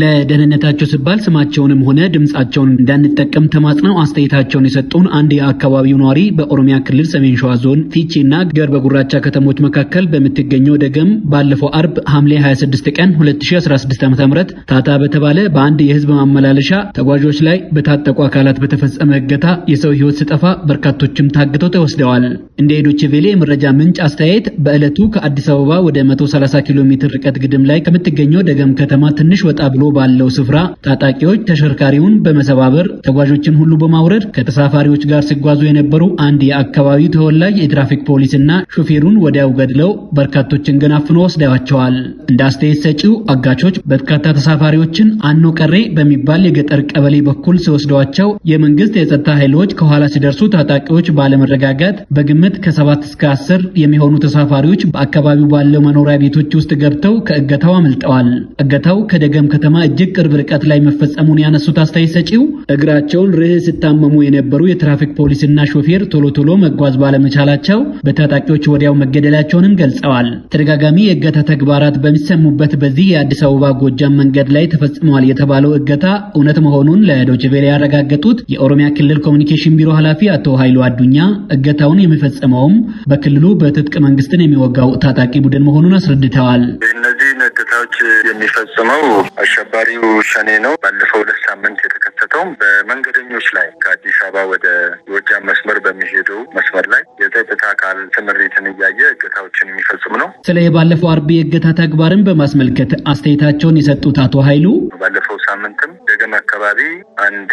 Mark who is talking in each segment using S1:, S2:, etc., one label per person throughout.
S1: ለደህንነታቸው ሲባል ስማቸውንም ሆነ ድምፃቸውን እንዳንጠቀም ተማጽነው አስተያየታቸውን የሰጡን አንድ የአካባቢው ነዋሪ በኦሮሚያ ክልል ሰሜን ሸዋ ዞን ፊቼ እና ገርበ ጉራቻ ከተሞች መካከል በምትገኘው ደገም ባለፈው አርብ ሐምሌ 26 ቀን 2016 ዓ.ም ታታ በተባለ በአንድ የህዝብ ማመላለሻ ተጓዦች ላይ በታጠቁ አካላት በተፈጸመ እገታ የሰው ህይወት ስጠፋ በርካቶችም ታግተው ተወስደዋል። እንደ ሄዶች ቬሌ የመረጃ ምንጭ አስተያየት በዕለቱ ከአዲስ አበባ ወደ 130 ኪሎ ሜትር ርቀት ግድም ላይ ከምትገኘው ደገም ከተማ ትንሽ ወጣ ብሎ ባለው ስፍራ ታጣቂዎች ተሽከርካሪውን በመሰባበር ተጓዦችን ሁሉ በማውረድ ከተሳፋሪዎች ጋር ሲጓዙ የነበሩ አንድ የአካባቢው ተወላጅ የትራፊክ ፖሊስና ሾፌሩን ወዲያው ገድለው በርካቶችን ግን አፍኖ ወስደዋቸዋል። እንደ አስተያየት ሰጪው አጋቾች በርካታ ተሳፋሪዎችን አኖ ቀሬ በሚባል የገጠር ቀበሌ በኩል ሲወስደዋቸው የመንግስት የጸጥታ ኃይሎች ከኋላ ሲደርሱ ታጣቂዎች ባለመረጋጋት በግምት ከሰባት እስከ አስር የሚሆኑ ተሳፋሪዎች በአካባቢው ባለው መኖሪያ ቤቶች ውስጥ ገብተው ከእገታው አምልጠዋል። እገታው ከደገም ከተማ እጅግ ቅርብ ርቀት ላይ መፈጸሙን ያነሱት አስተያየት ሰጪው እግራቸውን ርህ ሲታመሙ የነበሩ የትራፊክ ፖሊስና ሾፌር ቶሎ ቶሎ መጓዝ ባለመቻላቸው በታጣቂዎች ወዲያው መገደላቸውንም ገልጸዋል። ተደጋጋሚ የእገታ ተግባራት በሚሰሙበት በዚህ የአዲስ አበባ ጎጃም መንገድ ላይ ተፈጽመዋል የተባለው እገታ እውነት መሆኑን ለዶችቬሌ ያረጋገጡት የኦሮሚያ ክልል ኮሚኒኬሽን ቢሮ ኃላፊ አቶ ኃይሉ አዱኛ እገታውን የሚፈጽመውም በክልሉ በትጥቅ መንግስትን የሚወጋው ታጣቂ ቡድን መሆኑን አስረድተዋል።
S2: በቀጥታዎች የሚፈጽመው አሸባሪው ሸኔ ነው። ባለፈው ሁለት ሳምንት የተከተተውም በመንገደኞች ላይ ከአዲስ አበባ ወደ ጎጃም መስመር በሚሄደው መስመር ላይ የጸጥታ አካል ስምሪትን እያየ እገታዎችን የሚፈጽም ነው።
S1: ስለ የባለፈው አርብ የእገታ ተግባርን በማስመልከት አስተያየታቸውን የሰጡት አቶ ኃይሉ
S2: ባለፈው ሳምንትም ደገም አካባቢ አንድ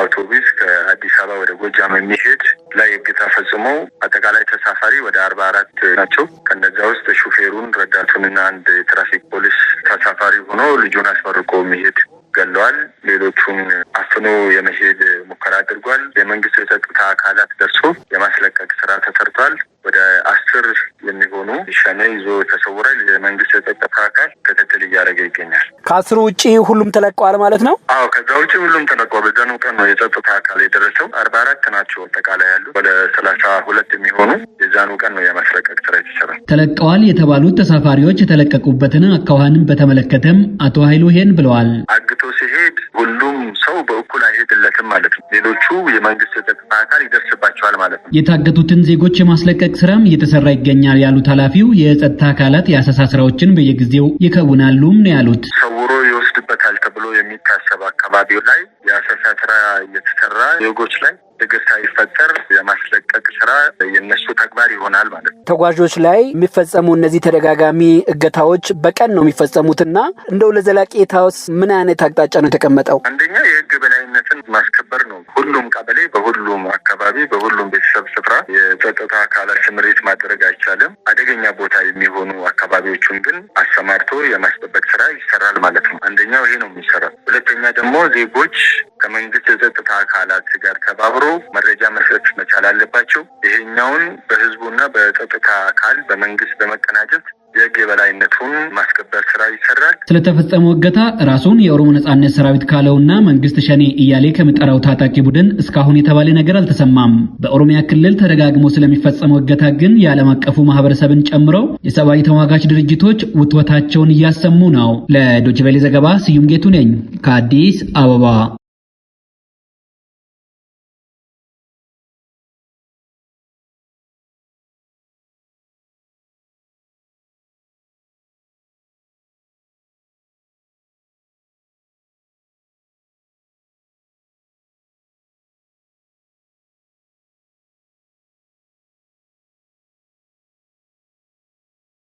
S2: አውቶቡስ ከአዲስ አበባ ወደ ጎጃም የሚሄድ ላይ እግታ ፈጽመው አጠቃላይ ተሳፋሪ ወደ አርባ አራት ናቸው። ከነዚያ ውስጥ ሹፌሩን ረዳቱንና አንድ የትራፊክ ፖሊስ ተሳፋሪ ሆኖ ልጁን አስመርቆ የሚሄድ ገለዋል። ሌሎቹን አፍኖ የመሄድ ሙከራ አድርጓል። የመንግስት የጸጥታ አካላት ደርሶ የማስለቀቅ ስራ ተሰርቷል። ወደ አስር የሚሆኑ ሸኔ ይዞ ተሰውሯል። የመንግስት የጸጥታ አካል ክትትል እያደረገ ይገኛል።
S1: ከአስሩ ውጭ ሁሉም ተለቀዋል ማለት ነው?
S2: አዎ፣ ከዛ ውጭ ሁሉም ተለቀዋል። በዛኑ ቀን ነው የጸጥታ አካል የደረሰው። አርባ አራት ናቸው አጠቃላይ ያሉ ወደ ሰላሳ ሁለት የሚሆኑ የዛኑ ቀን ነው የማስለቀቅ ስራ የተሰራ።
S1: ተለቀዋል የተባሉት ተሳፋሪዎች የተለቀቁበትን አካኋንም በተመለከተም አቶ ሀይሉ ይሄን ብለዋል።
S2: አግቶ ሲሄድ ሁሉም ሰው በእኩል አይሄድለትም ማለት ነው። ሌሎቹ የመንግስት የጸጥታ አካል ይደርስባቸዋል ማለት
S1: ነው። የታገቱትን ዜጎች የማስለቀቅ ስራም እየተሰራ ይገኛል ያሉት ኃላፊው የጸጥታ አካላት የአሰሳ ስራዎችን በየጊዜው ይከውናሉም ነው ያሉት።
S2: ሰውሮ ይወስድበታል ተብሎ የሚታሰብ አካባቢው ላይ የአሰሳ ስራ እየተሰራ ዜጎች ላይ ችግር ሳይፈጠር የማስለቀቅ ስራ የነሱ ተግባር ይሆናል ማለት
S1: ነው። ተጓዦች ላይ የሚፈጸሙ እነዚህ ተደጋጋሚ እገታዎች በቀን ነው የሚፈጸሙት እና እንደው ለዘላቂታውስ ምን አይነት አቅጣጫ ነው የተቀመጠው?
S2: አንደኛ የህግ በላይነትን ማስከበር ነው። ሁሉም ቀበሌ፣ በሁሉም አካባቢ፣ በሁሉም ቤተሰብ ስፍራ የጸጥታ አካላት ስምሪት ማድረግ አይቻልም። አደገኛ ቦታ የሚሆኑ አካባቢዎቹን ግን አሰማርቶ የማስጠበቅ ስራ ይሰራል ማለት ነው። አንደኛው ይሄ ነው የሚሰራው። ሁለተኛ ደግሞ ዜጎች ከመንግስት የጸጥታ አካላት ጋር ተባብሮ መረጃ መስጠት መቻል አለባቸው። ይሄኛውን በህዝቡና በጸጥታ አካል በመንግስት በመቀናጀት የህግ የበላይነቱን ማስከበር ስራ ይሰራል።
S1: ስለተፈጸመው እገታ ራሱን የኦሮሞ ነጻነት ሰራዊት ካለውና መንግስት ሸኔ እያሌ ከሚጠራው ታጣቂ ቡድን እስካሁን የተባለ ነገር አልተሰማም። በኦሮሚያ ክልል ተደጋግሞ ስለሚፈጸመው እገታ ግን የዓለም አቀፉ ማህበረሰብን ጨምሮ የሰብአዊ ተሟጋች ድርጅቶች ውትወታቸውን እያሰሙ ነው። ለዶችቬሌ ዘገባ ስዩም ጌቱ ነኝ ከአዲስ አበባ